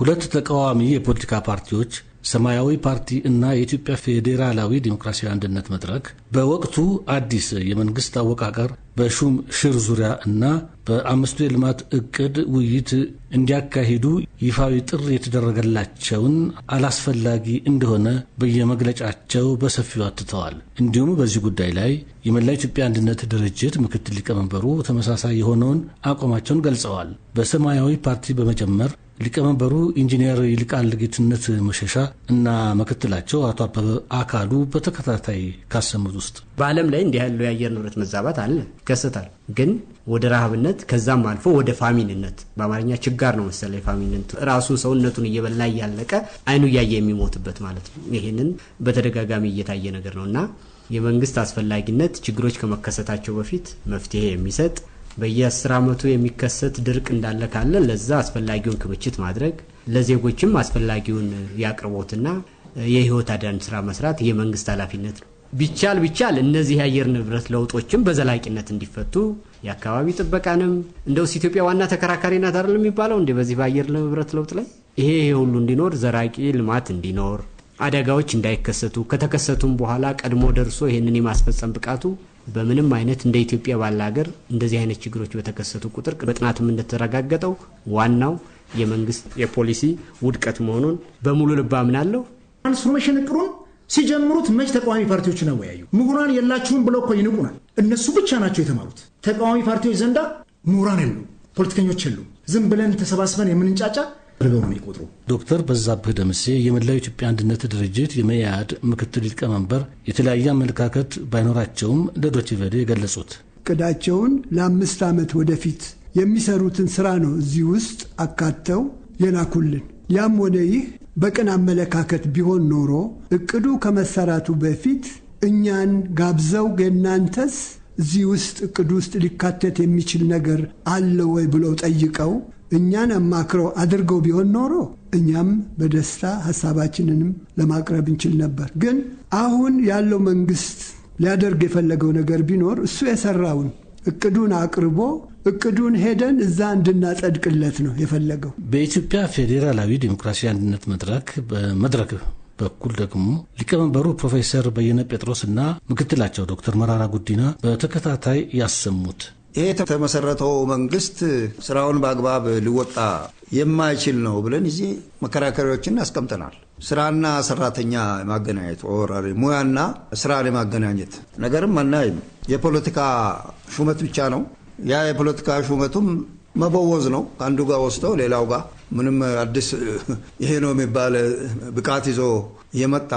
ሁለት ተቃዋሚ የፖለቲካ ፓርቲዎች ሰማያዊ ፓርቲ እና የኢትዮጵያ ፌዴራላዊ ዴሞክራሲያዊ አንድነት መድረክ በወቅቱ አዲስ የመንግስት አወቃቀር በሹም ሽር ዙሪያ እና በአምስቱ የልማት እቅድ ውይይት እንዲያካሂዱ ይፋዊ ጥሪ የተደረገላቸውን አላስፈላጊ እንደሆነ በየመግለጫቸው በሰፊው አትተዋል። እንዲሁም በዚህ ጉዳይ ላይ የመላ ኢትዮጵያ አንድነት ድርጅት ምክትል ሊቀመንበሩ ተመሳሳይ የሆነውን አቋማቸውን ገልጸዋል። በሰማያዊ ፓርቲ በመጀመር ሊቀመንበሩ ኢንጂነር ይልቃል ጌትነት መሸሻ እና ምክትላቸው አቶ አበበ አካሉ በተከታታይ ካሰሙት ውስጥ በዓለም ላይ እንዲህ ያለው የአየር ንብረት መዛባት አለ ይከሰታል። ግን ወደ ረሃብነት ከዛም አልፎ ወደ ፋሚንነት በአማርኛ ችጋር ነው መሰለ ፋሚንነት ራሱ ሰውነቱን እየበላ እያለቀ አይኑ እያየ የሚሞትበት ማለት ነው። ይህንን በተደጋጋሚ እየታየ ነገር ነው እና የመንግስት አስፈላጊነት ችግሮች ከመከሰታቸው በፊት መፍትሄ የሚሰጥ በየአስር ዓመቱ የሚከሰት ድርቅ እንዳለ ካለ ለዛ አስፈላጊውን ክምችት ማድረግ ለዜጎችም አስፈላጊውን የአቅርቦትና የህይወት አዳን ስራ መስራት የመንግስት ኃላፊነት ነው። ቢቻል ቢቻል እነዚህ የአየር ንብረት ለውጦችም በዘላቂነት እንዲፈቱ የአካባቢ ጥበቃንም እንደውስ ኢትዮጵያ ዋና ተከራካሪ ናት አይደል የሚባለው እንደ በዚህ በአየር ንብረት ለውጥ ላይ ይሄ ይሄ ሁሉ እንዲኖር ዘራቂ ልማት እንዲኖር አደጋዎች እንዳይከሰቱ ከተከሰቱም በኋላ ቀድሞ ደርሶ ይህንን የማስፈጸም ብቃቱ በምንም አይነት እንደ ኢትዮጵያ ባለ ሀገር እንደዚህ አይነት ችግሮች በተከሰቱ ቁጥር በጥናትም እንደተረጋገጠው ዋናው የመንግስት የፖሊሲ ውድቀት መሆኑን በሙሉ ልብ አምናለሁ። ትራንስፎርሜሽን እቅዱን ሲጀምሩት መች ተቃዋሚ ፓርቲዎችን አወያዩ? ምሁራን የላችሁም ብለው እኮ ይንቁናል። እነሱ ብቻ ናቸው የተማሩት። ተቃዋሚ ፓርቲዎች ዘንዳ ምሁራን የሉ፣ ፖለቲከኞች የሉ። ዝም ብለን ተሰባስበን የምንንጫጫ አድርገው ነው የሚቆጥሩ። ዶክተር በዛብህ ደምሴ የመላው ኢትዮጵያ አንድነት ድርጅት የመያድ ምክትል ሊቀመንበር የተለያየ አመለካከት ባይኖራቸውም ለዶችቬሌ የገለጹት እቅዳቸውን ለአምስት ዓመት ወደፊት የሚሰሩትን ስራ ነው እዚህ ውስጥ አካተው የላኩልን። ያም ሆነ ይህ በቅን አመለካከት ቢሆን ኖሮ እቅዱ ከመሰራቱ በፊት እኛን ጋብዘው የእናንተስ እዚህ ውስጥ እቅዱ ውስጥ ሊካተት የሚችል ነገር አለ ወይ ብለው ጠይቀው እኛን አማክረው አድርገው ቢሆን ኖሮ እኛም በደስታ ሀሳባችንንም ለማቅረብ እንችል ነበር። ግን አሁን ያለው መንግስት ሊያደርግ የፈለገው ነገር ቢኖር እሱ የሰራውን እቅዱን አቅርቦ እቅዱን ሄደን እዛ እንድናጸድቅለት ነው የፈለገው። በኢትዮጵያ ፌዴራላዊ ዴሞክራሲያዊ አንድነት መድረክ በመድረክ በኩል ደግሞ ሊቀመንበሩ ፕሮፌሰር በየነ ጴጥሮስ እና ምክትላቸው ዶክተር መራራ ጉዲና በተከታታይ ያሰሙት ይሄ የተመሰረተው መንግስት ስራውን በአግባብ ሊወጣ የማይችል ነው ብለን እዚህ መከራከሪያዎችን አስቀምጠናል። ስራና ሰራተኛ የማገናኘት ወራሪ ሙያና ስራን የማገናኘት ነገርም አናይም። የፖለቲካ ሹመት ብቻ ነው። ያ የፖለቲካ ሹመቱም መበወዝ ነው። ከአንዱ ጋር ወስደው ሌላው ጋር ምንም አዲስ ይሄ ነው የሚባል ብቃት ይዞ የመጣ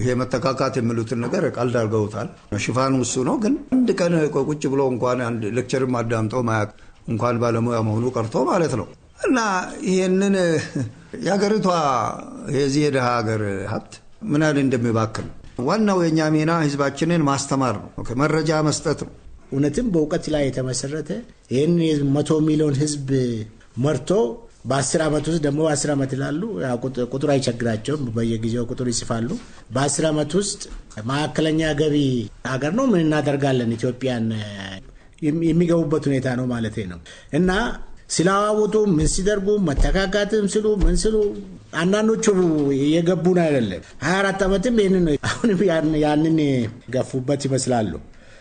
ይሄ መተካካት የምሉትን ነገር ቀልድ አድርገውታል። ሽፋኑ እሱ ነው። ግን አንድ ቀን ቁጭ ብሎ እንኳን አንድ ሌክቸርም አዳምጠው ማያቅ እንኳን ባለሙያ መሆኑ ቀርቶ ማለት ነው። እና ይሄንን የሀገሪቷ የዚህ የድሃ ሀገር ሀብት ምን ያህል እንደሚባክል ዋናው የእኛ ሚና ህዝባችንን ማስተማር ነው፣ መረጃ መስጠት ነው። እውነትም በእውቀት ላይ የተመሰረተ ይህን መቶ ሚሊዮን ህዝብ መርቶ በአስር ዓመት ውስጥ ደግሞ በአስር ዓመት ይላሉ ቁጥር አይቸግራቸውም። በየጊዜው ቁጥር ይጽፋሉ። በአስር ዓመት ውስጥ ማዕከለኛ ገቢ ሀገር ነው። ምን እናደርጋለን? ኢትዮጵያን የሚገቡበት ሁኔታ ነው ማለት ነው እና ሲለዋውጡ ምን ሲደርጉ መተካካትም ስሉ ምን ስሉ አንዳንዶቹ የገቡን አይደለም። ሀያ አራት ዓመትም ይህን ነው አሁንም ያንን ገፉበት ይመስላሉ።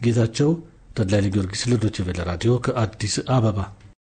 ጌታቸው ተድላይ ጊዮርጊስ ለዶይቼ ቬለ ራዲዮ ከአዲስ አበባ